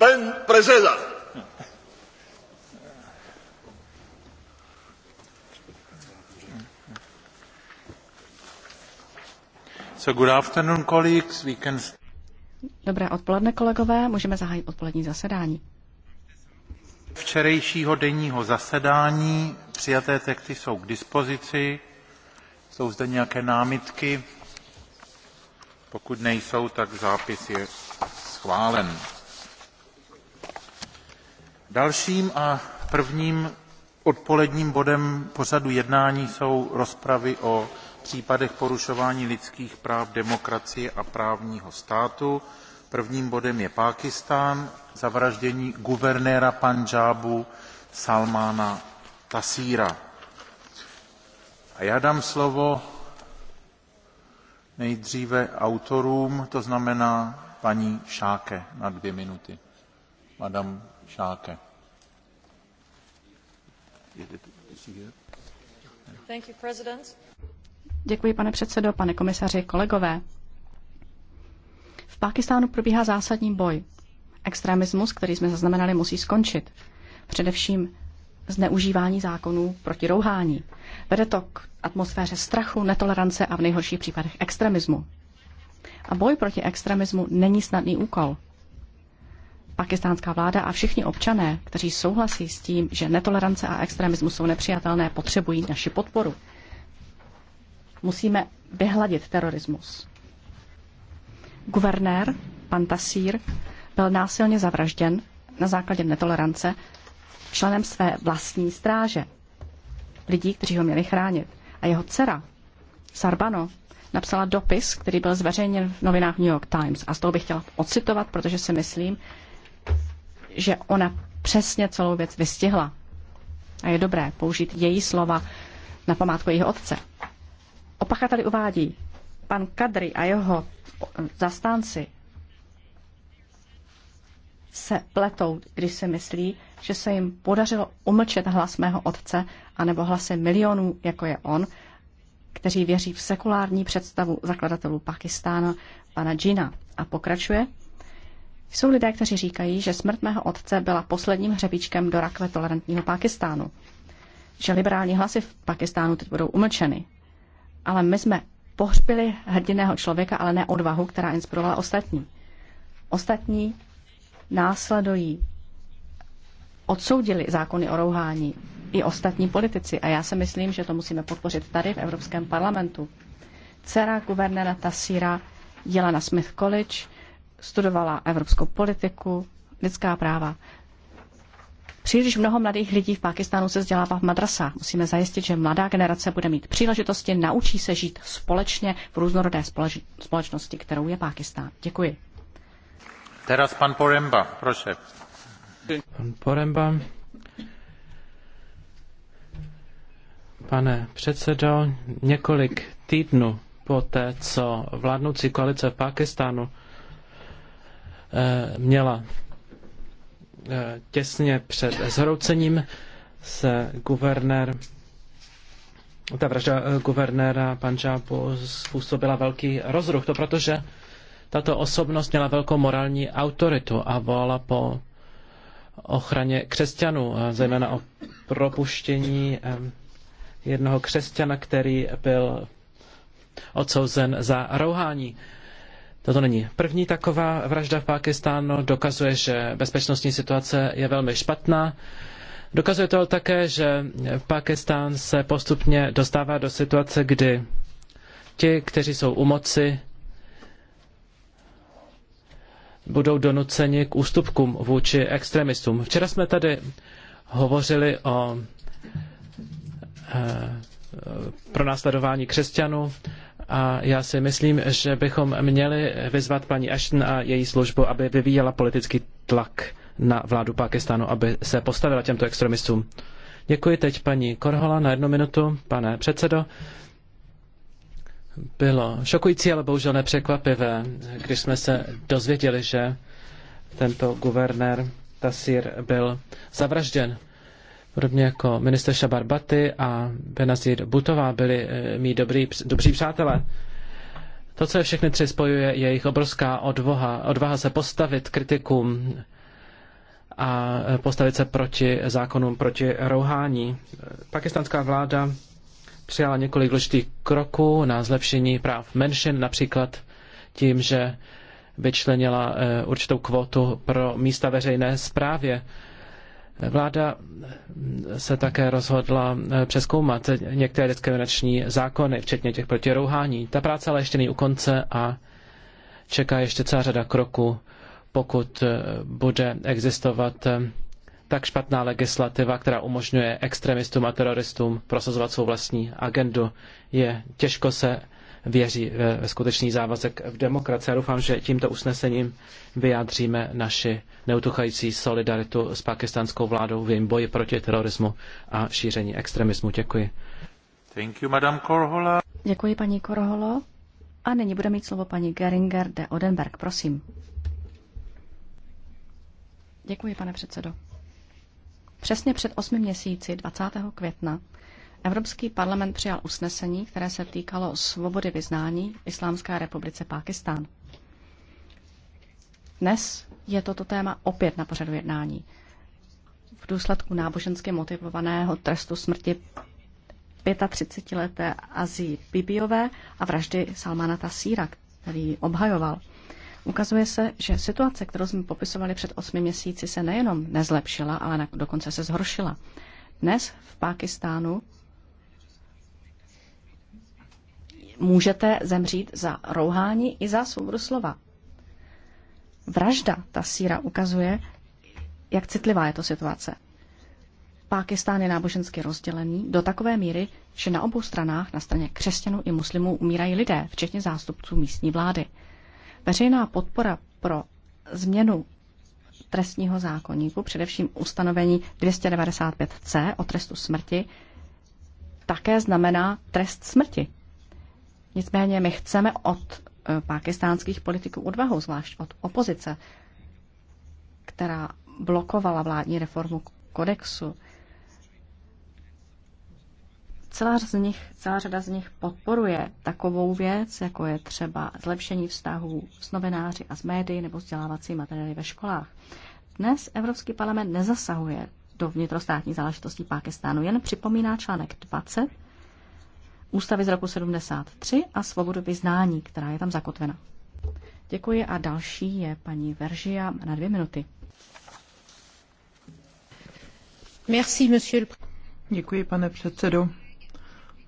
So good afternoon, colleagues. We can... Dobré odpoledne, kolegové. Můžeme zahájit odpolední zasedání. Včerejšího denního zasedání přijaté texty jsou k dispozici. Jsou zde nějaké námitky? Pokud nejsou, tak zápis je schválen. Dalším a prvním odpoledním bodem pořadu jednání jsou rozpravy o případech porušování lidských práv, demokracie a právního státu. Prvním bodem je Pákistán, zavraždění guvernéra Pandžábu Salmána Tasíra. A já dám slovo nejdříve autorům, to znamená paní Šáke na dvě minuty. Madame Šáke. Děkuji, pane předsedo, pane komisaři, kolegové. V Pákistánu probíhá zásadní boj. Extremismus, který jsme zaznamenali, musí skončit. Především zneužívání zákonů proti rouhání. Vede to k atmosféře strachu, netolerance a v nejhorších případech extremismu. A boj proti extremismu není snadný úkol pakistánská vláda a všichni občané, kteří souhlasí s tím, že netolerance a extremismus jsou nepřijatelné, potřebují naši podporu. Musíme vyhladit terorismus. Guvernér, pan Tasír, byl násilně zavražděn na základě netolerance členem své vlastní stráže, lidí, kteří ho měli chránit. A jeho dcera, Sarbano, napsala dopis, který byl zveřejněn v novinách New York Times. A z toho bych chtěla ocitovat, protože si myslím, že ona přesně celou věc vystihla. A je dobré použít její slova na památku jejího otce. Opacha tady uvádí, pan Kadry a jeho zastánci se pletou, když si myslí, že se jim podařilo umlčet hlas mého otce anebo hlasy milionů, jako je on, kteří věří v sekulární představu zakladatelů Pakistánu, pana Džina. A pokračuje, jsou lidé, kteří říkají, že smrt mého otce byla posledním hřebíčkem do rakve tolerantního Pákistánu. Že liberální hlasy v Pakistánu teď budou umlčeny. Ale my jsme pohřbili hrdiného člověka, ale ne odvahu, která inspirovala ostatní. Ostatní následují, odsoudili zákony o rouhání i ostatní politici. A já si myslím, že to musíme podpořit tady v Evropském parlamentu. Dcera guvernéra Tasíra jela na Smith College, studovala evropskou politiku, lidská práva. Příliš mnoho mladých lidí v Pákistánu se vzdělává v madrasách. Musíme zajistit, že mladá generace bude mít příležitosti, naučí se žít společně v různorodé společ společnosti, kterou je Pákistán. Děkuji. Teraz pan Poremba, prosím. Pan Poremba. Pane předsedo, několik týdnů po co vládnoucí koalice v Pákistánu Eh, měla eh, těsně před zhroucením se guvernér ta vražda eh, guvernéra Panžábu způsobila velký rozruch. To protože tato osobnost měla velkou morální autoritu a volala po ochraně křesťanů, zejména o propuštění jednoho křesťana, který byl odsouzen za rouhání. Toto není první taková vražda v Pákistánu, dokazuje, že bezpečnostní situace je velmi špatná. Dokazuje to také, že Pákistán se postupně dostává do situace, kdy ti, kteří jsou u moci, budou donuceni k ústupkům vůči extremistům. Včera jsme tady hovořili o e, eh, pronásledování křesťanů a já si myslím, že bychom měli vyzvat paní Ashton a její službu, aby vyvíjela politický tlak na vládu Pakistánu, aby se postavila těmto extremistům. Děkuji teď paní Korhola na jednu minutu, pane předsedo. Bylo šokující, ale bohužel nepřekvapivé, když jsme se dozvěděli, že tento guvernér Tasír byl zavražděn podobně jako minister Šabarbaty a Benazir Butová byli eh, mý dobrý, dobří přátelé. To, co je všechny tři spojuje, je jejich obrovská odvaha, odvaha se postavit kritikům a eh, postavit se proti zákonům, proti rouhání. Pakistánská vláda přijala několik důležitých kroků na zlepšení práv menšin, například tím, že vyčlenila eh, určitou kvotu pro místa veřejné správě Vláda se také rozhodla eh, přeskoumat některé diskriminační zákony, včetně těch proti rouhání. Ta práce ale ještě není u konce a čeká ještě celá řada kroků, pokud eh, bude existovat eh, tak špatná legislativa, která umožňuje extremistům a teroristům prosazovat svou vlastní agendu. Je těžko se věří eh, ve skutečný závazek v demokracii. Já doufám, že tímto usnesením vyjádříme naši neutuchající solidaritu s pakistánskou vládou v jejím boji proti terorismu a šíření extremismu. Děkuji. Thank you, Madame Korhola. Děkuji, paní Korholo. A nyní bude mít slovo paní Geringer de Odenberg. Prosím. Děkuji, pane předsedo. Přesně před osmi měsíci, 20. května, Evropský parlament přijal usnesení, které se týkalo svobody vyznání v Islámské republice Pákistán. Dnes je toto téma opět na pořadu jednání. V důsledku nábožensky motivovaného trestu smrti 35-leté Azii Bibiové a vraždy Salmana Tasíra, který obhajoval. Ukazuje se, že situace, kterou jsme popisovali před osmi měsíci, se nejenom nezlepšila, ale dokonce se zhoršila. Dnes v Pákistánu můžete zemřít za rouhání i za svobodu slova. Vražda ta síra ukazuje, jak citlivá je to situace. Pákistán je nábožensky rozdělený do takové míry, že na obou stranách, na straně křesťanů i muslimů, umírají lidé, včetně zástupců místní vlády. Veřejná podpora pro změnu trestního zákonníku, především ustanovení 295c o trestu smrti, také znamená trest smrti. Nicméně my chceme od eh, pakistánských politiků odvahu, zvlášť od opozice, která blokovala vládní reformu kodexu. Celá, z nich, celá řada z nich podporuje takovou věc, jako je třeba zlepšení vztahů s novináři a s médií nebo vzdělávací materiály ve školách. Dnes Evropský parlament nezasahuje do vnitrostátní záležitostí Pákistánu, jen připomíná článek 20 ústavy z roku 73 a svobodu vyznání, která je tam zakotvena. Děkuji a další je paní Veržia na dvě minuty. Merci, monsieur. Děkuji, pane předsedo.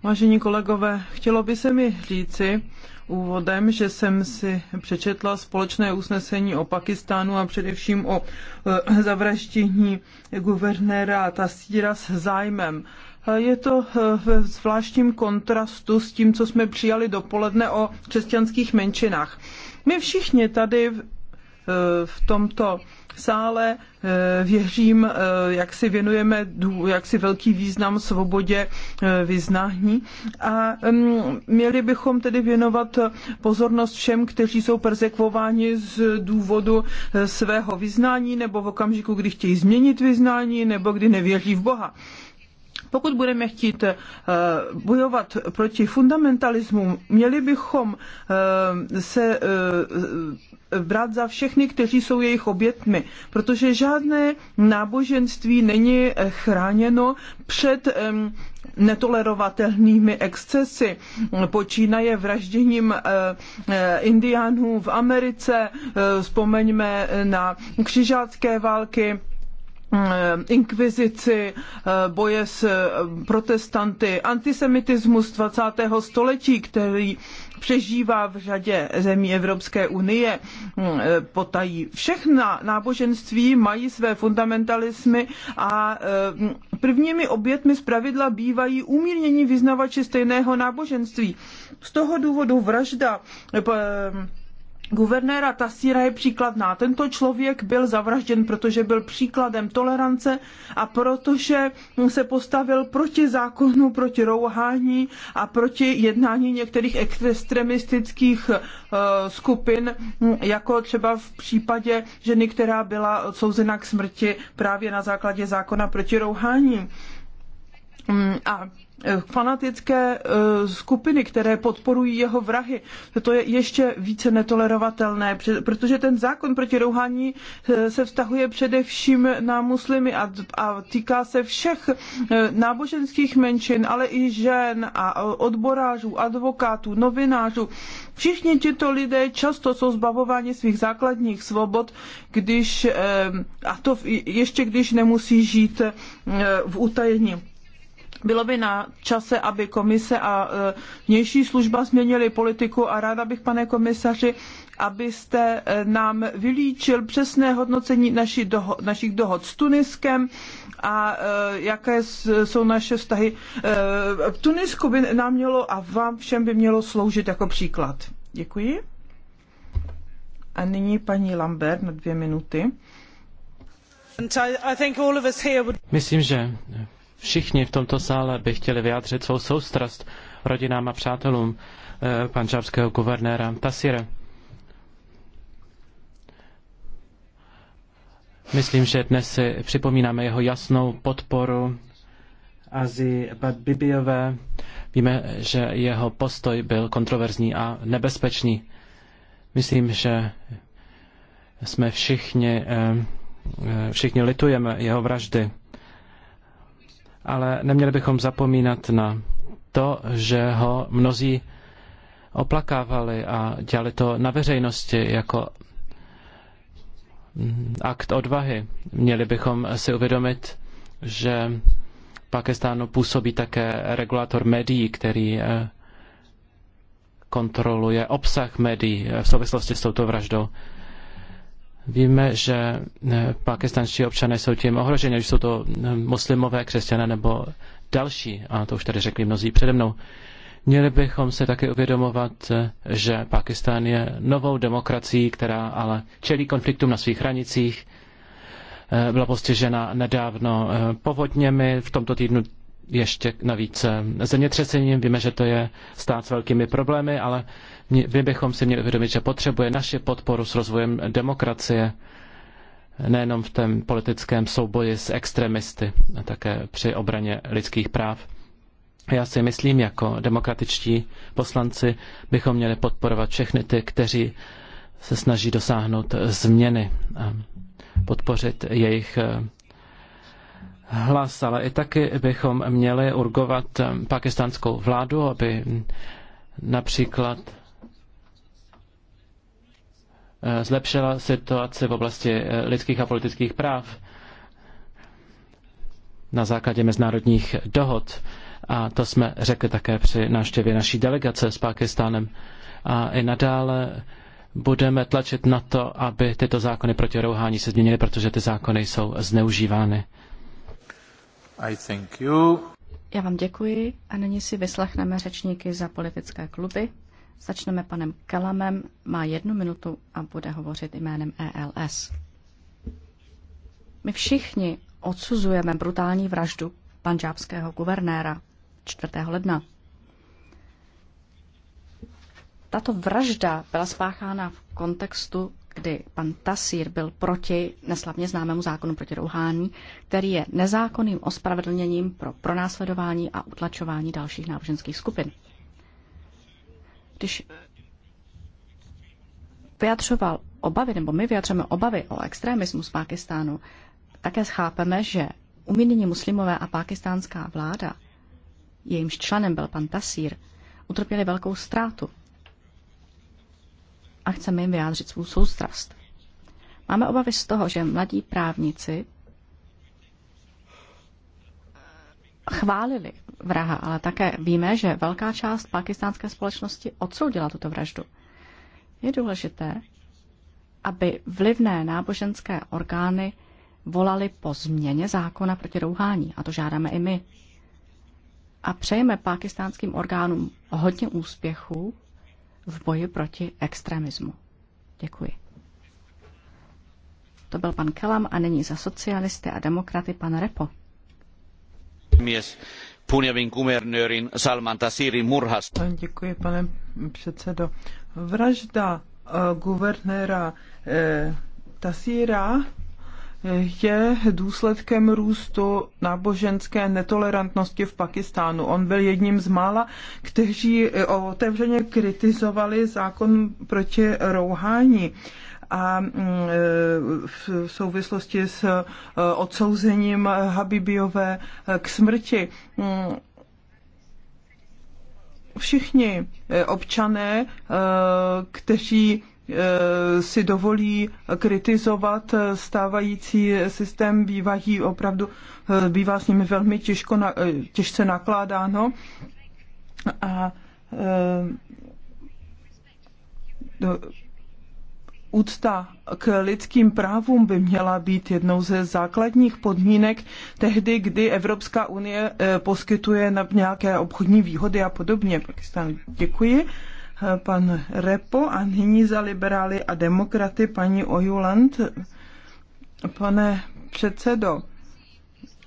Vážení kolegové, chtělo by se mi říci úvodem, že jsem si přečetla společné usnesení o Pakistánu a především o eh, zavraždění guvernéra Tasíra s zájmem. Je to eh, ve zvláštním kontrastu s tím, co jsme přijali dopoledne o křesťanských menšinách. My všichni tady v eh, tomto sále eh, věřím, jak si věnujeme jak si velký význam svobodě vyznání a mm, měli bychom tedy věnovat pozornost všem, kteří jsou persekvováni z důvodu svého vyznání nebo v okamžiku, kdy chtějí změnit vyznání nebo kdy nevěří v Boha. Pokud budeme chtít eh, bojovat proti fundamentalismu, měli bychom eh, se eh, brát za všechny, kteří jsou jejich obětmi, protože žádné náboženství není chráněno před netolerovatelnými excesy. Počínaje vražděním indiánů v Americe, vzpomeňme na křižácké války, Eh, inkvizici, eh, boje s eh, protestanty, antisemitismus 20. století, který přežívá v řadě zemí Evropské unie, hm, potají. Všechna náboženství mají své fundamentalismy a hm, prvními obětmi zpravidla bývají umírnění vyznavači stejného náboženství. Z toho důvodu vražda Guvernéra Tasíra je příkladná. Tento člověk byl zavražděn, protože byl příkladem tolerance a protože se postavil proti zákonu, proti rouhání a proti jednání některých extremistických eh, skupin, hm, jako třeba v případě ženy, která byla odsouzena k smrti právě na základě zákona proti rouhání. Mm, a eh, fanatické eh, skupiny, které podporují jeho vrahy. To je ještě více netolerovatelné, protože ten zákon proti rouhání eh, se vztahuje především na muslimy a, týká se všech náboženských menšin, ale i žen a odborářů, advokátů, novinářů. Všichni tito lidé často jsou zbavováni svých základních svobod, když, a to ještě když nemusí žít v utajení. Bylo by na čase, aby komise a e, vnější služba změnili politiku a ráda bych, pane komisaři, abyste e, nám vylíčil přesné hodnocení naši doho- našich dohod s Tuniskem a e, jaké jsou naše vztahy. E, Tunisku by nám mělo a vám všem by mělo sloužit jako příklad. Děkuji. A nyní paní Lambert na dvě minuty. Myslím, že Všichni v tomto sále by chtěli vyjádřit svou soustrast rodinám a přátelům eh, panžábského guvernéra Tasire. Myslím, že dnes si připomínáme jeho jasnou podporu Azi Bibiové. Víme, že jeho postoj byl kontroverzní a nebezpečný. Myslím, že jsme všichni, eh, eh, všichni litujeme jeho vraždy ale neměli bychom zapomínat na to, že ho mnozí oplakávali a dělali to na veřejnosti jako akt odvahy. Měli bychom si uvědomit, že v Pakistánu působí také regulátor médií, který eh, kontroluje obsah médií v souvislosti s touto vraždou. Víme, že eh, pakistanští občané jsou tím ohroženi, že jsou to eh, muslimové, křesťané nebo další, a to už tady řekli mnozí přede mnou. Měli bychom se také uvědomovat, eh, že Pakistán je novou demokracií, která ale čelí konfliktům na svých hranicích. Byla postižena nedávno povodněmi, v tomto týdnu ještě navíc zemětřesením. Víme, že to je stát s velkými problémy, ale my bychom si měli uvědomit, že potřebuje naše podporu s rozvojem demokracie, nejenom v tom politickém souboji s extremisty, a také při obraně lidských práv. Já si myslím, jako demokratičtí poslanci bychom měli podporovat všechny ty, kteří se snaží dosáhnout změny a podpořit jejich eh, hlas, ale i taky bychom měli urgovat eh, pakistánskou vládu, aby například Eh, zlepšila situace v oblasti eh, lidských a politických práv na základě mezinárodních dohod. A to jsme řekli také při návštěvě naší delegace s Pákistánem. A i nadále budeme tlačit na to, aby tyto zákony proti rouhání se změnily, protože ty zákony jsou zneužívány. I thank you. Já vám děkuji a nyní si vyslechneme řečníky za politické kluby. Začneme panem Kalamem, má jednu minutu a bude hovořit jménem ELS. My všichni odsuzujeme brutální vraždu panžábského guvernéra 4. ledna. Tato vražda byla spáchána v kontextu, kdy pan Tasír byl proti neslavně známému zákonu proti rouhání, který je nezákonným ospravedlněním pro pronásledování a utlačování dalších náboženských skupin když vyjadřoval obavy, nebo my vyjadřujeme obavy o extremismus Pákistánu, také schápeme, že umírnění muslimové a pákistánská vláda, jejímž členem byl pan Tasír, utrpěli velkou ztrátu a chceme jim vyjádřit svou soustrast. Máme obavy z toho, že mladí právníci chválili vraha, ale také víme, že velká část pakistánské společnosti odsoudila tuto vraždu. Je důležité, aby vlivné náboženské orgány volali po změně zákona proti rouhání, a to žádáme i my. A přejeme pakistánským orgánům hodně úspěchů v boji proti extremismu. Děkuji. To byl pan Kelam a nyní za socialisty a demokraty pan Repo punjabin guvernöörin Salman Tasirin murhasta. Děkuji, pane předsedo. Vražda uh, guvernéra eh, Tasíra eh, je důsledkem růstu náboženské netolerantnosti v Pakistánu. On byl jedním z mála, kteří eh, otevřeně kritizovali zákon proti rouhání a mm, v souvislosti s e, odsouzením Habibiové e, k smrti. Mm. Všichni e, občané, kteří si dovolí kritizovat stávající systém, bývají opravdu, bývá s nimi velmi těžko, těžce nakládáno. A do, Úcta k lidským právům by měla být jednou ze základních podmínek tehdy, kdy Evropská unie eh, poskytuje nějaké obchodní výhody a podobně. Pakistan, děkuji. Eh, pan Repo a nyní za liberály a demokraty paní Ojuland. Pane předsedo,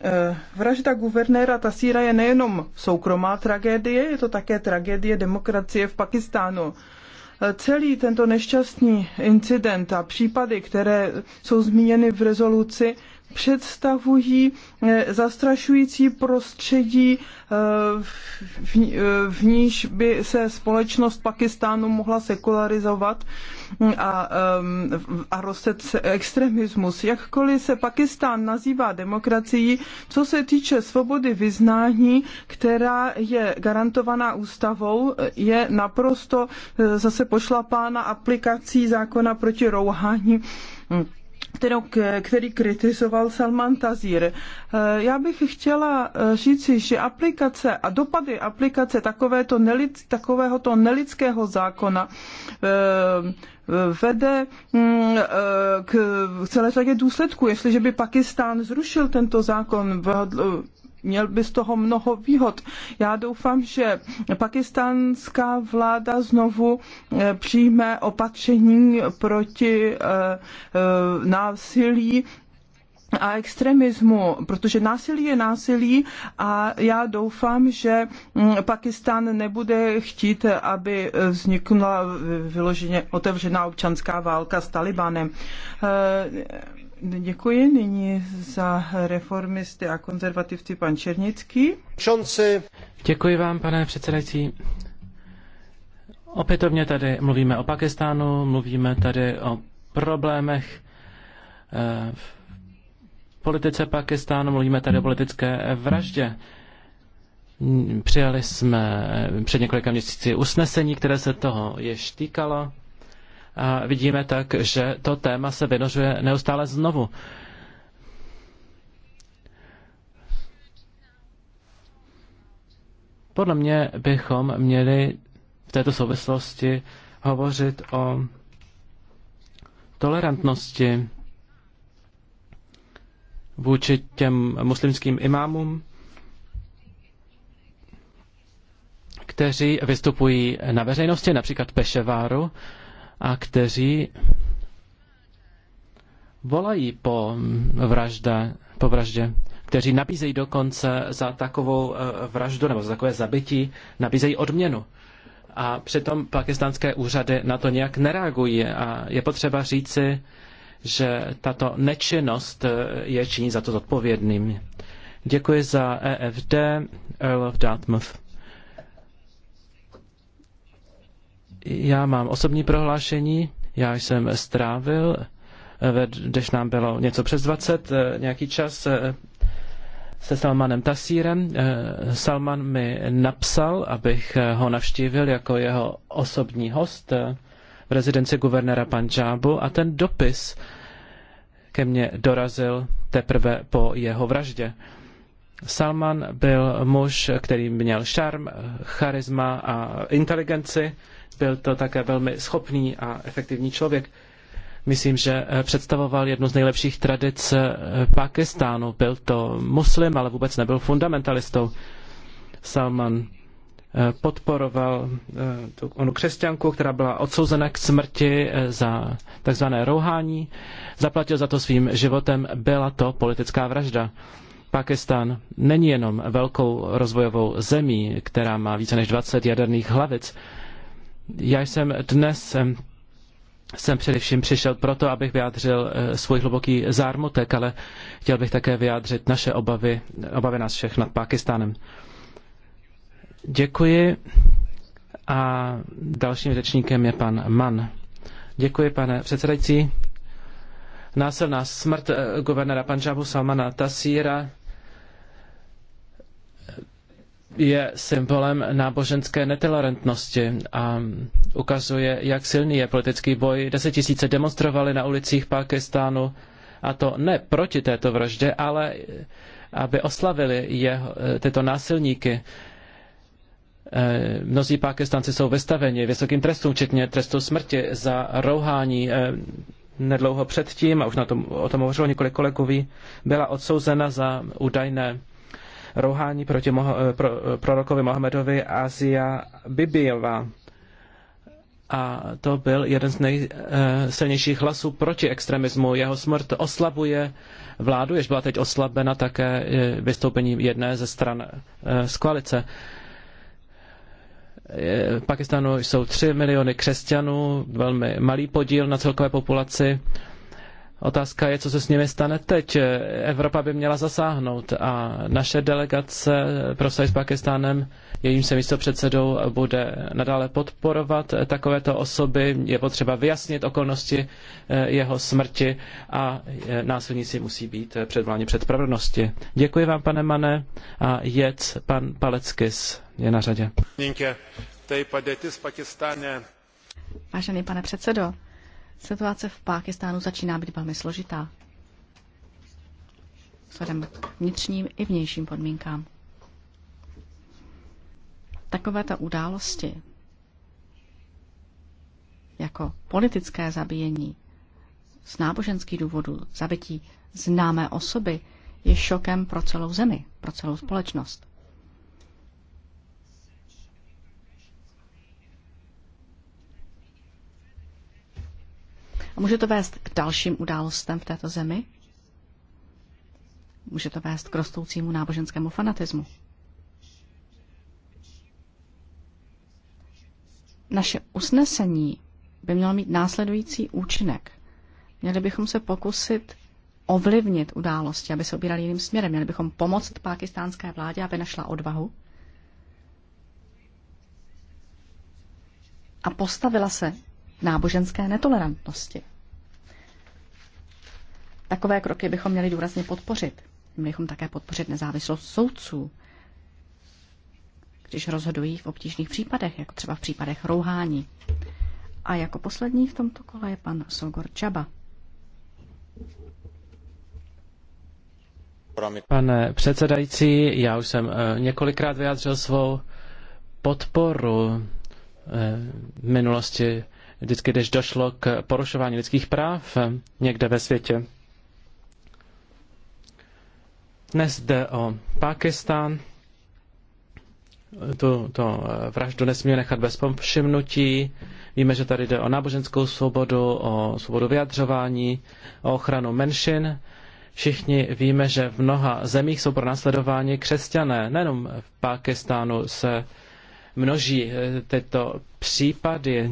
eh, Vražda guvernéra Tasíra je nejenom soukromá tragédie, je to také tragédie demokracie v Pakistánu. Celý tento nešťastný incident a případy, které jsou zmíněny v rezoluci, představují eh, zastrašující prostředí, eh, v, v níž by se společnost Pakistánu mohla sekularizovat a, ehm, a rostet se extremismus. Jakkoliv se Pakistán nazývá demokracií, co se týče svobody vyznání, která je garantovaná ústavou, je naprosto eh, zase pošlapána aplikací zákona proti rouhání hm kterou, který kritizoval Salman Tazir. Eh, já bych chtěla eh, říci, že aplikace a dopady aplikace takovéto nelid, takovéhoto nelidského zákona eh, vede mm, k celé řadě důsledků. Jestliže by Pakistán zrušil tento zákon v měl by z toho mnoho výhod. Já doufám, že pakistánská vláda znovu eh, přijme opatření proti eh, eh, násilí a extremismu, protože násilí je násilí a já doufám, že mm, Pakistán nebude chtít, aby vznikla vyloženě otevřená občanská válka s Talibanem. Děkuji nyní za reformisty a konzervativci pan Černický. Děkuji vám, pane předsedající. Opětovně tady mluvíme o Pakistánu, mluvíme tady o problémech eh, v politice Pakistánu, mluvíme tady o politické vraždě. Přijali jsme před několika měsíci usnesení, které se toho ještě týkalo. A vidíme tak, že to téma se vynožuje neustále znovu. Podle mě bychom měli v této souvislosti hovořit o tolerantnosti vůči těm muslimským imámům, kteří vystupují na veřejnosti, například Peševáru, a kteří volají po, vražde, po vraždě, kteří nabízejí dokonce za takovou eh, vraždu nebo za takové zabití, nabízejí odměnu. A přitom pakistánské úřady na to nějak nereagují a je potřeba říci, že tato nečinnost eh, je činí za to zodpovědným. Děkuji za EFD, Earl of Dartmouth. Já mám osobní prohlášení, já jsem strávil, eh, když nám bylo něco přes 20, eh, nějaký čas eh, se Salmanem Tasírem. Salman mi napsal, abych ho navštívil jako jeho osobní host v rezidenci guvernéra Panžábu a ten dopis ke mně dorazil teprve po jeho vraždě. Salman byl muž, který měl šarm, charisma a inteligenci, byl to také velmi schopný a efektivní člověk. Myslím, že eh, představoval jednu z nejlepších tradic eh, Pakistánu. Byl to muslim, ale vůbec nebyl fundamentalistou. Salman eh, podporoval tu, onu křesťanku, která byla odsouzena k smrti za takzvané rouhání. Zaplatil za to svým životem. Byla to politická vražda. Pakistan není jenom velkou rozvojovou zemí, která má více než 20 jaderných hlavic, já jsem dnes jsem především přišel proto, abych vyjádřil eh, svůj hluboký zármutek, ale chtěl bych také vyjádřit naše obavy, obavy nás všech nad Pákistánem. Děkuji a dalším řečníkem je pan Mann. Děkuji, pane předsedající. Násilná smrt eh, guvernéra Panžabu Salmana Tasíra je symbolem náboženské netolerantnosti a ukazuje, jak silný je politický boj. Desetisíce demonstrovali na ulicích Pákistánu a to ne proti této vraždě, ale eh, aby oslavili jeho, eh, tyto násilníky. Eh, mnozí Pákistánci jsou vystaveni vysokým trestům, včetně trestu smrti za rouhání. Nedlouho předtím, a už na tom, o tom hovořilo několik kolegů, byla odsouzena za údajné rouhání proti moho, eh, pro, eh, prorokovi Mohamedovi Azia Bibijeva. A to byl jeden z nejsilnějších eh, hlasů proti extremismu. Jeho smrt oslabuje vládu, jež byla teď oslabena také vystoupením jedné ze stran z koalice. Pakistanu jsou 3 miliony křesťanů, velmi malý podíl na celkové populaci Otázka je, co se s nimi stane teď. Evropa by měla zasáhnout a naše delegace pro s Pakistánem, jejím se místo předsedou, bude nadále podporovat takovéto osoby. Je potřeba vyjasnit okolnosti eh, jeho smrti a eh, násilníci musí být předváni před pravdnosti. Děkuji vám, pane Mane, a jec pan Paleckis je na řadě. Vážený pane předsedo, Situace v Pákistánu začíná být velmi složitá. Vzhledem k vnitřním i vnějším podmínkám. Takovéto události, jako politické zabíjení, z náboženských důvodů, zabití známé osoby, je šokem pro celou zemi, pro celou společnost. A může to vést k dalším událostem v této zemi? Může to vést k rostoucímu náboženskému fanatismu? Naše usnesení by mělo mít následující účinek. Měli bychom se pokusit ovlivnit události, aby se obírali jiným směrem. Měli bychom pomoct pákistánské vládě, aby našla odvahu a postavila se náboženské netolerantnosti. Takové kroky bychom měli důrazně podpořit. Měli bychom také podpořit nezávislost soudců, když rozhodují v obtížných případech, jako třeba v případech rouhání. A jako poslední v tomto kole je pan Sogor Čaba. Pane předsedající, já už jsem eh, několikrát vyjádřil svou podporu v eh, minulosti vždycky, když došlo k porušování lidských práv někde ve světě. Dnes jde o Pákistán. Tu, to eh, vraždu nesmíme nechat bez povšimnutí. Víme, že tady jde o náboženskou svobodu, o svobodu vyjadřování, o ochranu menšin. Všichni víme, že v mnoha zemích jsou pro následování křesťané. Nejenom v Pákistánu se množí eh, tyto případy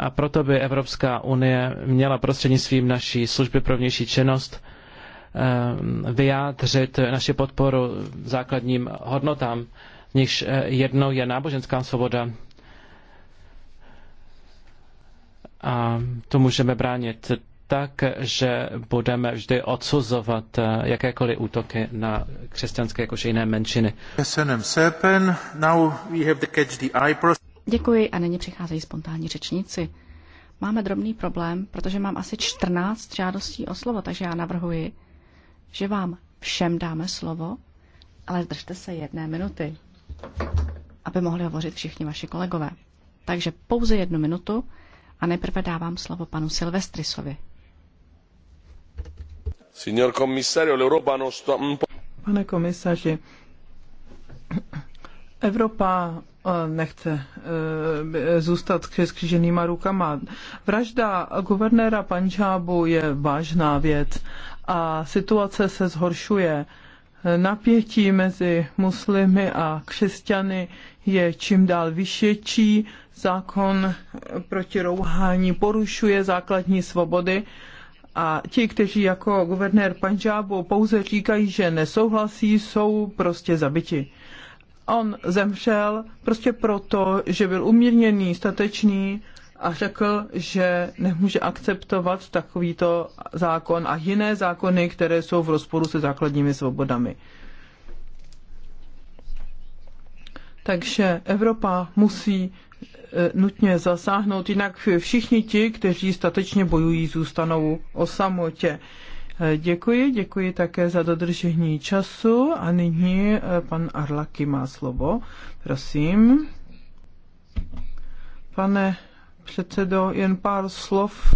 a proto by Evropská unie měla prostřednictvím naší služby pro vnější činnost ehm, vyjádřit naši podporu základním hodnotám, z nichž eh, jednou je náboženská svoboda. A to můžeme bránit tak, že budeme vždy odsuzovat eh, jakékoliv útoky na křesťanské jakož jiné menšiny. Děkuji a nyní přicházejí spontánní řečníci. Máme drobný problém, protože mám asi 14 žádostí o slovo, takže já navrhuji, že vám všem dáme slovo, ale držte se jedné minuty, aby mohli hovořit všichni vaši kolegové. Takže pouze jednu minutu a nejprve dávám slovo panu Silvestrisovi. Pane komisaři, Evropa nechce eh, zůstat s kříženýma rukama. Vražda guvernéra Panžábu je vážná věc a situace se zhoršuje. Napětí mezi muslimy a křesťany je čím dál vyšetší. Zákon proti rouhání porušuje základní svobody a ti, kteří jako guvernér Panžábu pouze říkají, že nesouhlasí, jsou prostě zabiti on zemřel prostě proto, že byl umírněný, statečný a řekl, že nemůže akceptovat takovýto zákon a jiné zákony, které jsou v rozporu se základními svobodami. Takže Evropa musí e, nutně zasáhnout, jinak všichni ti, kteří statečně bojují, zůstanou o samotě. Děkuji, děkuji také za dodržení času a nyní eh, pan Arlaky má slovo. Prosím. Pane předsedo, jen pár slov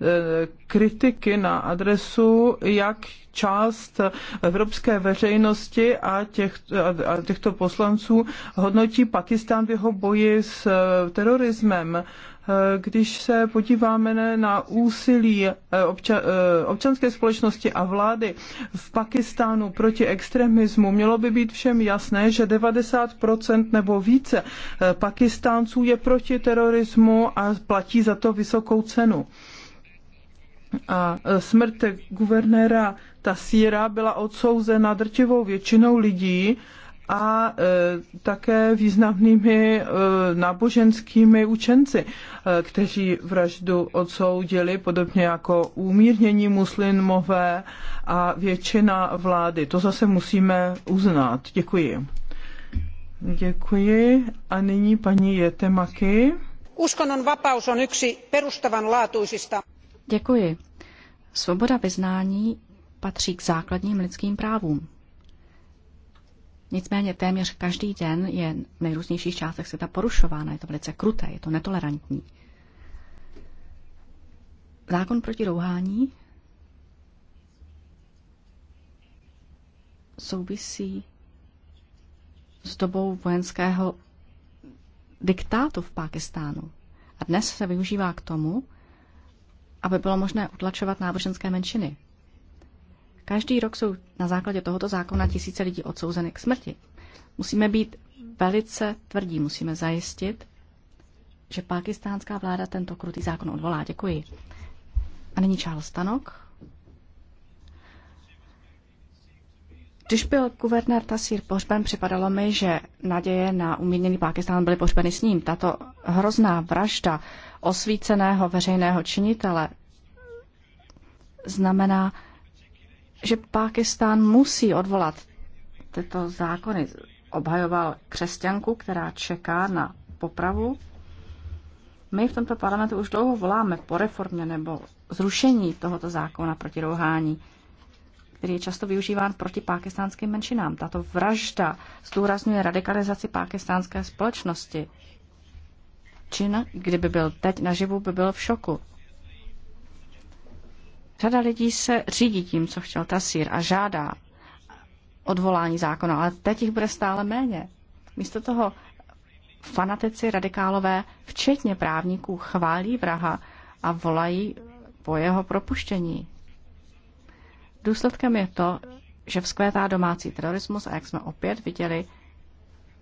Eh, kritiky na adresu jak část evropské veřejnosti a, těch, a těchto poslanců hodnotí Pakistán v jeho boji s eh, terorismem. Eh, když se podíváme na úsilí obča, občanské společnosti a vlády v Pakistánu proti extremismu, mělo by být všem jasné, že 90% nebo více Pakistánců je proti terorismu a platí za to vysokou cenu a e, smrt guvernéra Tasíra byla odsouzena drtivou většinou lidí a e, také významnými e, náboženskými učenci, kteří vraždu odsoudili, podobně jako umírnění muslimové a většina vlády. To zase musíme uznat. Děkuji. Děkuji. A nyní paní Jetemaky. Uskonnon vapaus on yksi perustavanlaatuisista Děkuji. Svoboda vyznání patří k základním lidským právům. Nicméně téměř každý den je v nejrůznějších částech světa porušována. Je to velice kruté, je to netolerantní. Zákon proti rouhání souvisí s dobou vojenského diktátu v Pákistánu. A dnes se využívá k tomu, aby bylo možné utlačovat náboženské menšiny. Každý rok jsou na základě tohoto zákona tisíce lidí odsouzeny k smrti. Musíme být velice tvrdí, musíme zajistit, že pakistánská vláda tento krutý zákon odvolá. Děkuji. A nyní Charles Stanok. Když byl guvernér Tasír pohřben, připadalo mi, že naděje na umírněný Pákistán byly pohřbeny s ním. Tato hrozná vražda osvíceného veřejného činitele znamená, že Pákistán musí odvolat tyto zákony. Obhajoval křesťanku, která čeká na popravu. My v tomto parlamentu už dlouho voláme po reformě nebo zrušení tohoto zákona proti rouhání který je často využíván proti pákistánským menšinám. Tato vražda zdůrazňuje radikalizaci pákistánské společnosti. Čin, kdyby byl teď naživu, by byl v šoku. Řada lidí se řídí tím, co chtěl Tasír a žádá odvolání zákona, ale teď jich bude stále méně. Místo toho fanatici radikálové, včetně právníků, chválí vraha a volají po jeho propuštění. Důsledkem je to, že vzkvétá domácí terorismus a jak jsme opět viděli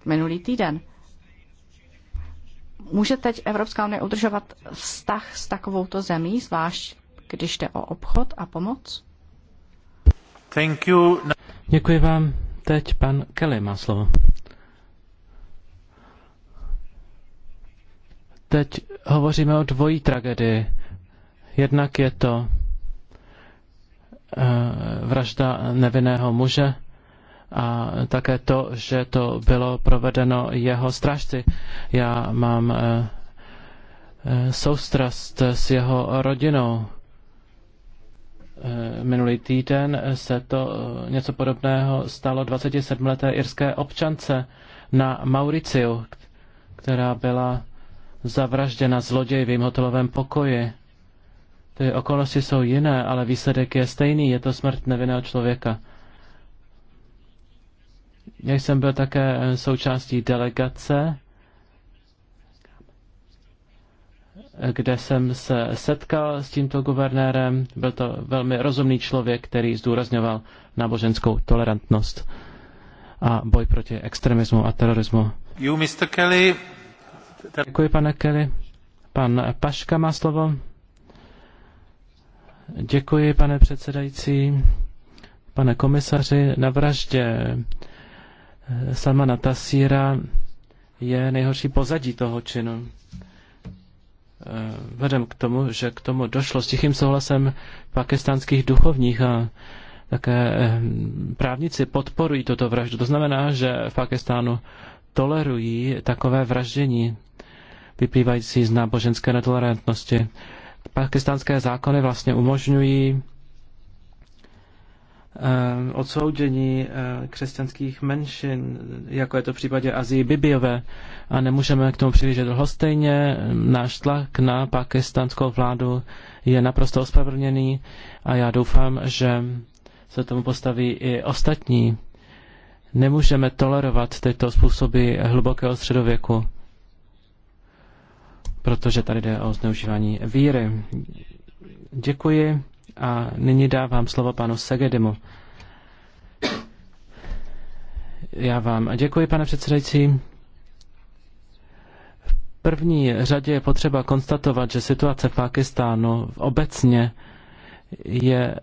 minulý týden. Může teď Evropská unie udržovat vztah s takovouto zemí, zvlášť když jde o obchod a pomoc? Thank you. Děkuji vám. Teď pan Kelly má slovo. Teď hovoříme o dvojí tragedii. Jednak je to Eh, vražda nevinného muže a také to, že to bylo provedeno jeho strážci. Já mám eh, eh, soustrast s jeho rodinou. Minulý týden se to něco podobného stalo 27-leté irské občance na Mauriciu, která byla zavražděna zloděj v jejím hotelovém pokoji. Ty okolnosti jsou jiné, ale výsledek je stejný, je to smrt nevinného člověka. Já jsem byl také eh, součástí delegace, kde jsem se setkal s tímto guvernérem. Byl to velmi rozumný člověk, který zdůrazňoval náboženskou tolerantnost a boj proti extremismu a terorismu. You, Mr. Kelly. Děkuji, pane Kelly. Pan Paška má slovo. Děkuji, pane předsedající. Pane komisaři, na vraždě eh, Salmana Tasíra je nejhorší pozadí toho činu. Eh, Vedem k tomu, že k tomu došlo s tichým souhlasem pakistánských duchovních a také eh, právníci podporují toto vraždu. To znamená, že v Pakistánu tolerují takové vraždění vyplývající z náboženské netolerantnosti pakistánské zákony vlastně umožňují eh, odsoudění eh, křesťanských menšin, jako je to v případě Azii Bibiové. A nemůžeme k tomu přihlížet lhostejně. Náš tlak na pakistánskou vládu je naprosto ospravedlněný a já doufám, že se tomu postaví i ostatní. Nemůžeme tolerovat tyto způsoby hlubokého středověku protože tady jde o zneužívání víry. Děkuji a nyní dávám slovo panu Segedimu. Já vám děkuji, pane předsedající. V první řadě je potřeba konstatovat, že situace v Pakistánu obecně je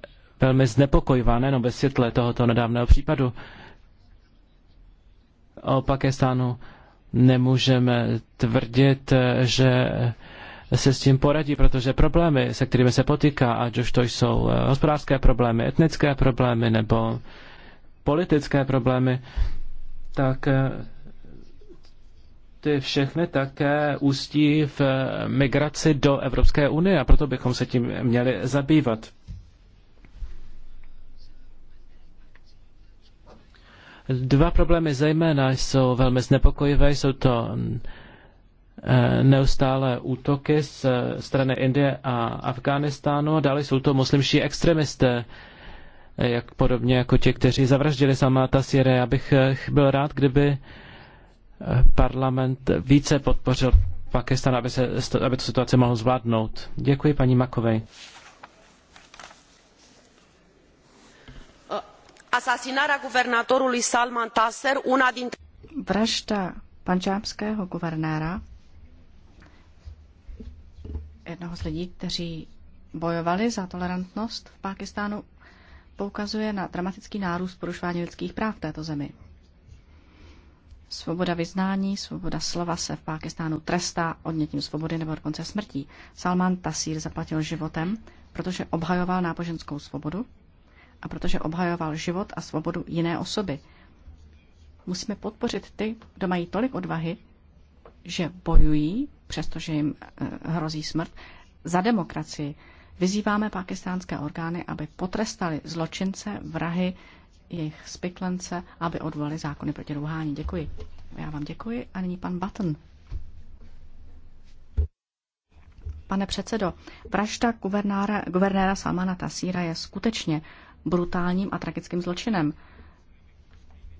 velmi znepokojivá, nejenom ve světle tohoto nedávného případu. O Pakistánu nemůžeme tvrdit, že se s tím poradí, protože problémy, se kterými se potýká, ať už to jsou eh, hospodářské problémy, etnické problémy nebo politické problémy, tak eh, ty všechny také ústí v eh, migraci do Evropské unie a proto bychom se tím měli zabývat. Dva problémy zejména jsou velmi znepokojivé, jsou to mm, e, neustále útoky z e, strany Indie a Afghánistánu. Dále jsou to muslimští extremisté, e, jak podobně jako ti, kteří zavraždili Samáta Sire. Já bych byl rád, kdyby parlament více podpořil Pakistan, aby, se, aby tu situaci mohl zvládnout. Děkuji paní Makovej. asasinarea guvernatorului Salman Taser, una dintre... Vražda panžábského guvernéra, jednoho z lidí, kteří bojovali za tolerantnost v Pákistánu, poukazuje na dramatický nárůst porušování lidských práv v této zemi. Svoboda vyznání, svoboda slova se v Pákistánu trestá odnětím svobody nebo dokonce smrtí. Salman Tasír zaplatil životem, protože obhajoval náboženskou svobodu a protože obhajoval život a svobodu jiné osoby. Musíme podpořit ty, kdo mají tolik odvahy, že bojují, přestože jim eh, hrozí smrt, za demokracii. Vyzýváme pakistánské orgány, aby potrestali zločince, vrahy, jejich spiklence, aby odvolali zákony proti rouhání. Děkuji. Já vám děkuji. A nyní pan Button. Pane předsedo, vražda guvernéra, Salmana Tasíra je skutečně brutálním a tragickým zločinem.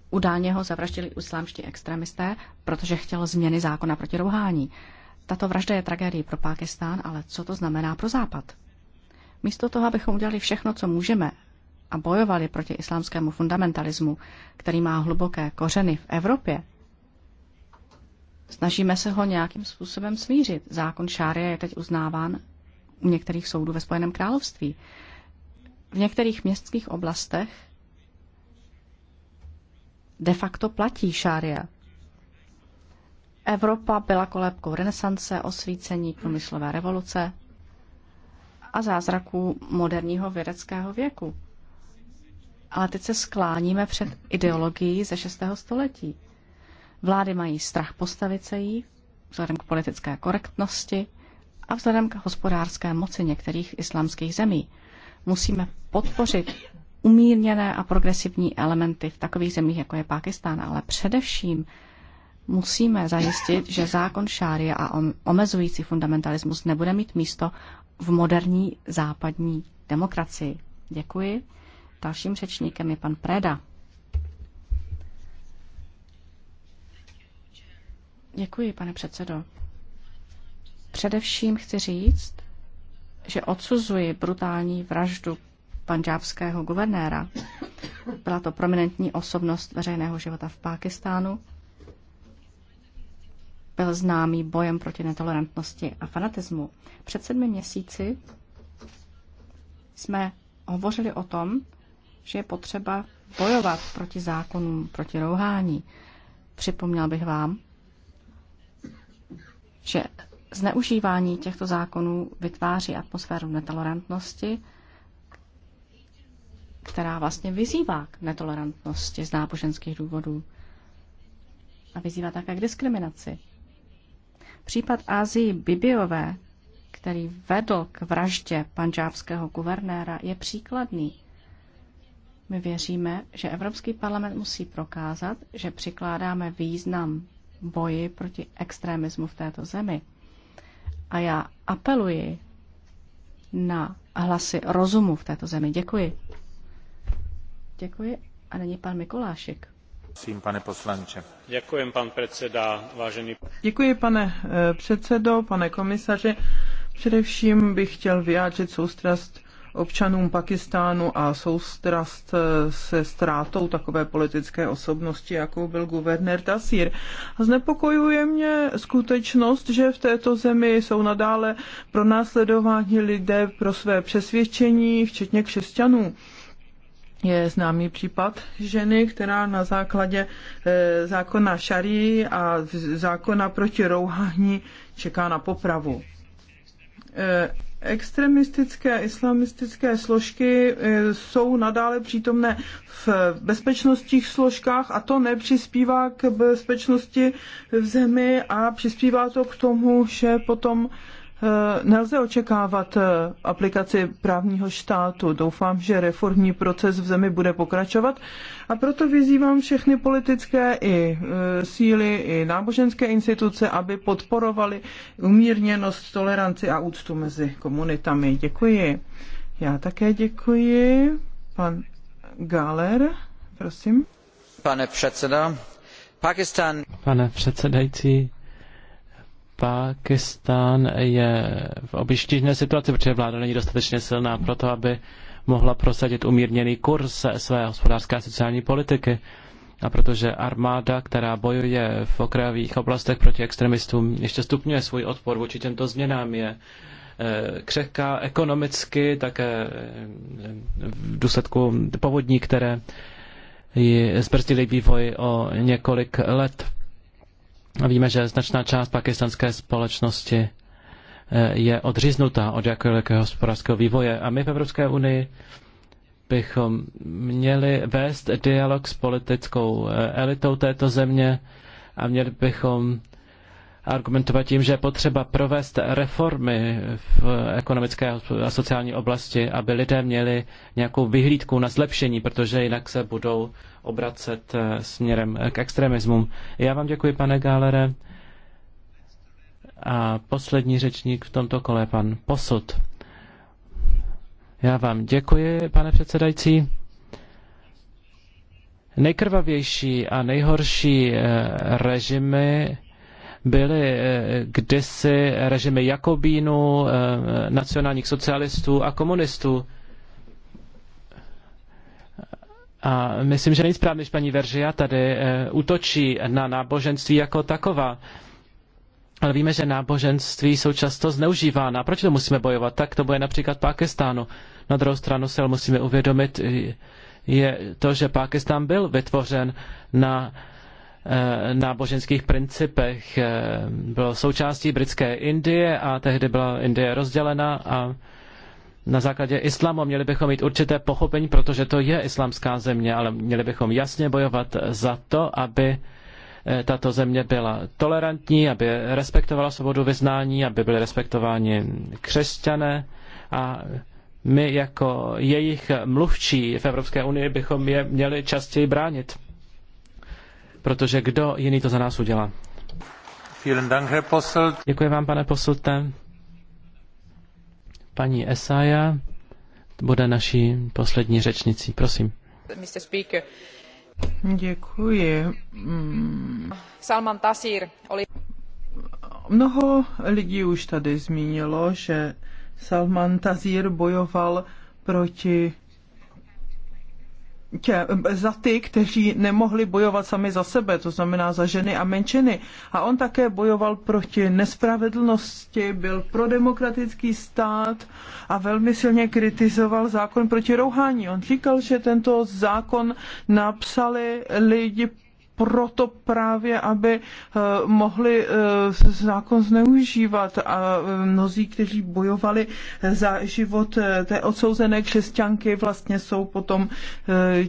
Udáně ho zavraždili islámští extremisté, protože chtěl změny zákona proti rouhání. Tato vražda je tragédií pro Pákistán, ale co to znamená pro Západ? Místo toho, abychom udělali všechno, co můžeme, a bojovali proti islámskému fundamentalismu, který má hluboké kořeny v Evropě, snažíme se ho nějakým způsobem smířit. Zákon šárie je teď uznáván u některých soudů ve Spojeném království v některých městských oblastech de facto platí šária. Evropa byla kolébkou renesance, osvícení, průmyslové revoluce a zázraků moderního vědeckého věku. Ale teď se skláníme před ideologií ze 6. století. Vlády mají strach postavit se jí, vzhledem k politické korektnosti a vzhledem k hospodářské moci některých islamských zemí. Musíme podpořit umírněné a progresivní elementy v takových zemích, jako je Pákistán, ale především musíme zajistit, že zákon šária a omezující fundamentalismus nebude mít místo v moderní západní demokracii. Děkuji. Dalším řečníkem je pan Preda. Děkuji, pane předsedo. Především chci říct, že odsuzuji brutální vraždu panžábského guvernéra. Byla to prominentní osobnost veřejného života v Pákistánu. Byl známý bojem proti netolerantnosti a fanatismu. Před sedmi měsíci jsme hovořili o tom, že je potřeba bojovat proti zákonům, proti rouhání. Připomněl bych vám, že zneužívání těchto zákonů vytváří atmosféru netolerantnosti, která vlastně vyzývá k netolerantnosti z náboženských důvodů a vyzývá také k diskriminaci. Případ Ázii Bibiové, který vedl k vraždě panžábského guvernéra, je příkladný. My věříme, že Evropský parlament musí prokázat, že přikládáme význam boji proti extremismu v této zemi. A já apeluji na hlasy rozumu v této zemi. Děkuji. Děkuji. A není pan Mikulášek. Prosím, pane poslanče. Děkuji, pan předseda, vážený. Děkuji, pane eh, předsedo, pane komisaři. Především bych chtěl vyjádřit soustrast občanům Pakistánu a soustrast se ztrátou takové politické osobnosti, jako byl guvernér Tasír. znepokojuje mě skutečnost, že v této zemi jsou nadále pronásledováni lidé pro své přesvědčení, včetně křesťanů je známý případ ženy, která na základě eh, zákona šarí a zákona proti rouhání čeká na popravu. Eh, Extremistické islamistické složky eh, jsou nadále přítomné v bezpečnostních složkách a to nepřispívá k bezpečnosti v zemi a přispívá to k tomu, že potom Eh, nelze očekávat eh, aplikaci právního štátu. Doufám, že reformní proces v zemi bude pokračovat a proto vyzývám všechny politické i eh, síly, i náboženské instituce, aby podporovali umírněnost, toleranci a úctu mezi komunitami. Děkuji. Já také děkuji. Pan Galer, prosím. Pane předseda, Pakistan. Pane předsedající, Pákistán je v obtížné situaci, protože vláda není dostatečně silná pro to, aby mohla prosadit umírněný kurz své hospodářské a sociální politiky. A protože armáda, která bojuje v okrajových oblastech proti extremistům, ještě stupňuje svůj odpor vůči těmto změnám, je eh, křehká ekonomicky, také eh, v důsledku povodní, které ji zbrzdily vývoj o několik let. Víme, že značná část pakistanské společnosti eh, je odříznutá od jakéhokoliv hospodářského vývoje. A my v Evropské unii bychom měli vést dialog s politickou eh, elitou této země a měli bychom argumentovat tím, že je potřeba provést reformy v ekonomické a sociální oblasti, aby lidé měli nějakou vyhlídku na zlepšení, protože jinak se budou obracet eh, směrem eh, k extremismu. Já vám děkuji, pane Gálere. A poslední řečník v tomto kole, pan Posud. Já vám děkuji, pane předsedající. Nejkrvavější a nejhorší eh, režimy byly eh, kdysi režimy Jakobínu, eh, nacionálních socialistů a komunistů. A myslím, že není správně, když paní Veržia tady eh, útočí na náboženství jako taková. Ale víme, že náboženství jsou často zneužívána. Proč to musíme bojovat? Tak to bude například Pákistánu. Na druhou stranu se musíme uvědomit, je to, že Pákistán byl vytvořen na Eh, náboženských principech. Eh, bylo součástí britské Indie a tehdy byla Indie rozdělena a na základě islámu měli bychom mít určité pochopení, protože to je islámská země, ale měli bychom jasně bojovat za to, aby eh, tato země byla tolerantní, aby respektovala svobodu vyznání, aby byly respektováni křesťané a my jako jejich mluvčí v Evropské unii bychom je měli častěji bránit protože kdo jiný to za nás udělá. Děkuji vám, pane posilte. Paní Esaja bude naší poslední řečnicí. Prosím. Děkuji. Mm. Salman Tasir. Mnoho lidí už tady zmínilo, že Salman Tazir bojoval proti tě, za ty, kteří nemohli bojovat sami za sebe, to znamená za ženy a menšiny. A on také bojoval proti nespravedlnosti, byl pro demokratický stát a velmi silně kritizoval zákon proti rouhání. On říkal, že tento zákon napsali lidi proto právě, aby eh, mohli eh, zákon zneužívat a eh, mnozí, kteří bojovali za život té odsouzené křesťanky, vlastně jsou potom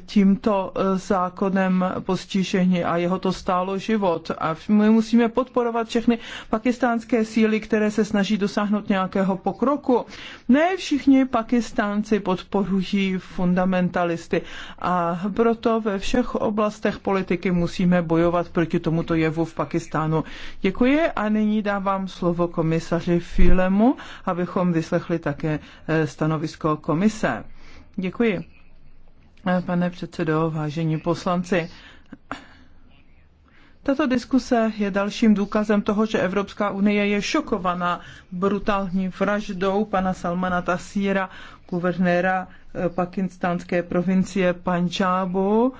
tímto zákonem postiženi a jeho to stálo život. A my musíme podporovat všechny pakistánské síly, které se snaží dosáhnout nějakého pokroku. Ne všichni pakistánci podporují fundamentalisty a proto ve všech oblastech politiky musí musíme bojovat proti tomuto jevu v Pakistánu. Děkuji a nyní dávám slovo komisaři Filemu, abychom vyslechli také eh, stanovisko komise. Děkuji. Eh, pane předsedo, vážení poslanci, tato diskuse je dalším důkazem toho, že Evropská unie je šokovaná brutální vraždou pana Salmana Tasíra, guvernéra eh, pakistánské provincie Panžábu eh,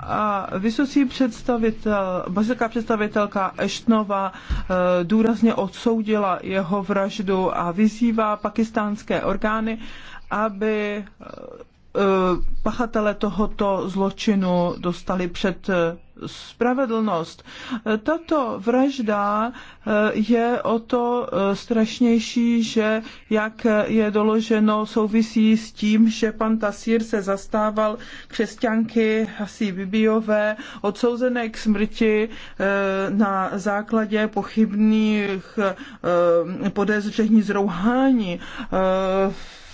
a vysocí představitel, vysoká představitelka Eštnova eh, důrazně odsoudila jeho vraždu a vyzývá pakistánské orgány, aby pachatele tohoto zločinu dostali před spravedlnost. Tato vražda eh, je o to eh, strašnější, že, jak je doloženo, souvisí s tím, že pan Tasír se zastával křesťanky asi Bibiové, odsouzené k smrti eh, na základě pochybných podezření zrouhání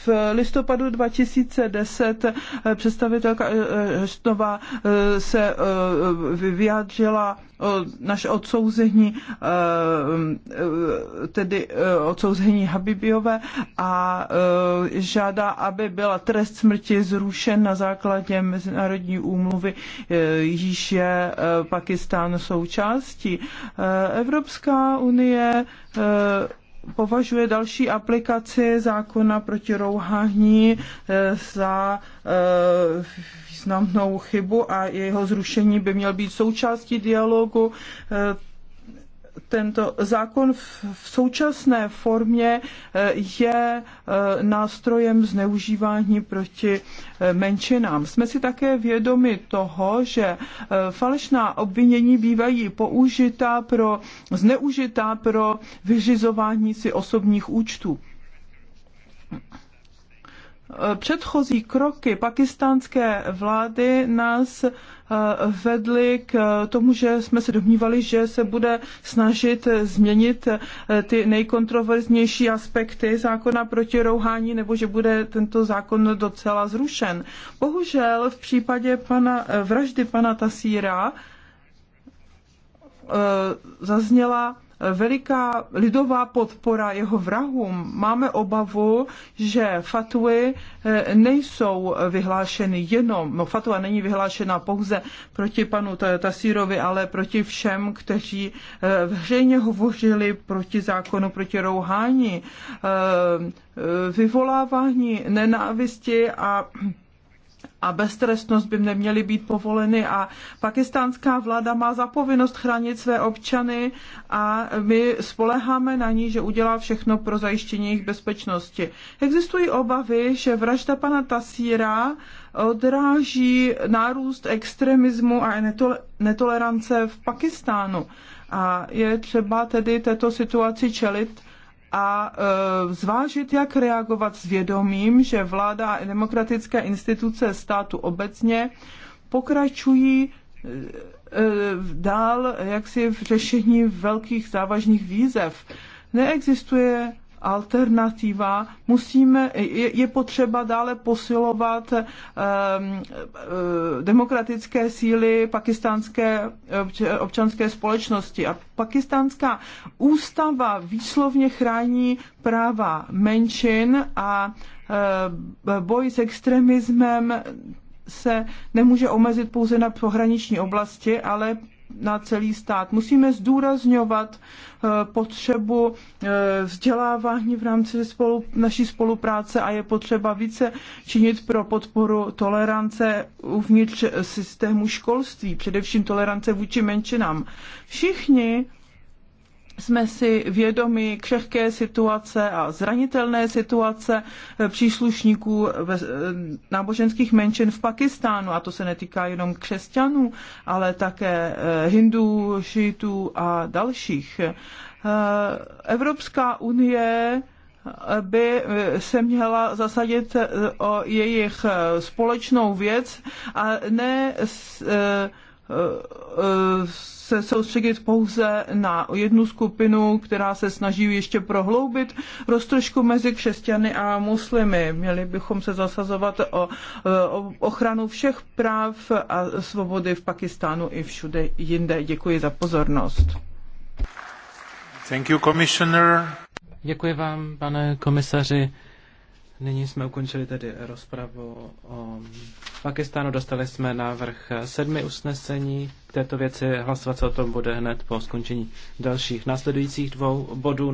v listopadu 2010 eh, představitelka Hnova eh, eh, se vyjádřila naše odsouzení, tedy odsouzení Habibiové a žádá, aby byla trest smrti zrušen na základě Mezinárodní úmluvy, již je Pakistán součástí. Evropská unie považuje další aplikaci zákona proti rouhání eh, za eh, významnou chybu a jeho zrušení by měl být součástí dialogu eh, tento zákon v současné formě eh, je eh, nástrojem zneužívání proti eh, menšinám. Jsme si také vědomi toho, že falešná obvinění bývají použitá pro, zneužitá pro vyřizování si osobních účtů předchozí kroky pakistánské vlády nás eh, vedly k eh, tomu, že jsme se domnívali, že se bude snažit změnit eh, ty nejkontroverznější aspekty zákona proti rouhání, nebo že bude tento zákon docela zrušen. Bohužel v případě pana, vraždy pana Tasíra zazněla veliká lidová podpora jeho vrahům. Máme obavu, že fatwy eh, nejsou vyhlášeny jenom, no fatwa není vyhlášena pouze proti panu Tasírovi, ale proti všem, kteří eh, veřejně hovořili proti zákonu, proti rouhání, eh, vyvolávání nenávisti a a beztrestnost by neměly být povoleny a pakistánská vláda má zapovinnost chránit své občany a my spoleháme na ní, že udělá všechno pro zajištění jejich bezpečnosti. Existují obavy, že vražda pana Tasíra odráží nárůst extremismu a netolerance v Pakistánu. A je třeba tedy této situaci čelit a e, zvážit, jak reagovat s vědomím, že vláda a demokratické instituce státu obecně pokračují e, e, dál jaksi v řešení velkých závažných výzev. Neexistuje alternativa. Musíme, je, je potřeba dále posilovat um, demokratické síly pakistánské občanské společnosti. A pakistánská ústava výslovně chrání práva menšin a uh, boj s extremismem se nemůže omezit pouze na pohraniční oblasti, ale na celý stát. Musíme zdůrazňovat eh, potřebu eh, vzdělávání v rámci spolu, naší spolupráce a je potřeba více činit pro podporu tolerance uvnitř systému školství, především tolerance vůči menšinám. Všichni jsme si vědomi křehké situace a zranitelné situace eh, příslušníků eh, náboženských menšin v Pakistánu. A to se netýká jenom křesťanů, ale také eh, hindů, šítů a dalších. Evropská unie by se měla zasadit o jejich společnou věc a ne s, Eh, eh, se soustředit pouze na jednu skupinu, která se snaží ještě prohloubit roztržku mezi křesťany a muslimy. Měli bychom se zasazovat o, eh, ochranu všech práv a svobody v Pakistánu i všude jinde. Děkuji za pozornost. Thank you, Děkuji vám, pane komisaři. Nyní jsme ukončili tedy rozpravu o Pakistánu. Dostali jsme návrh sedmi usnesení. K této věci hlasovat se o tom bude hned po skončení dalších následujících dvou bodů.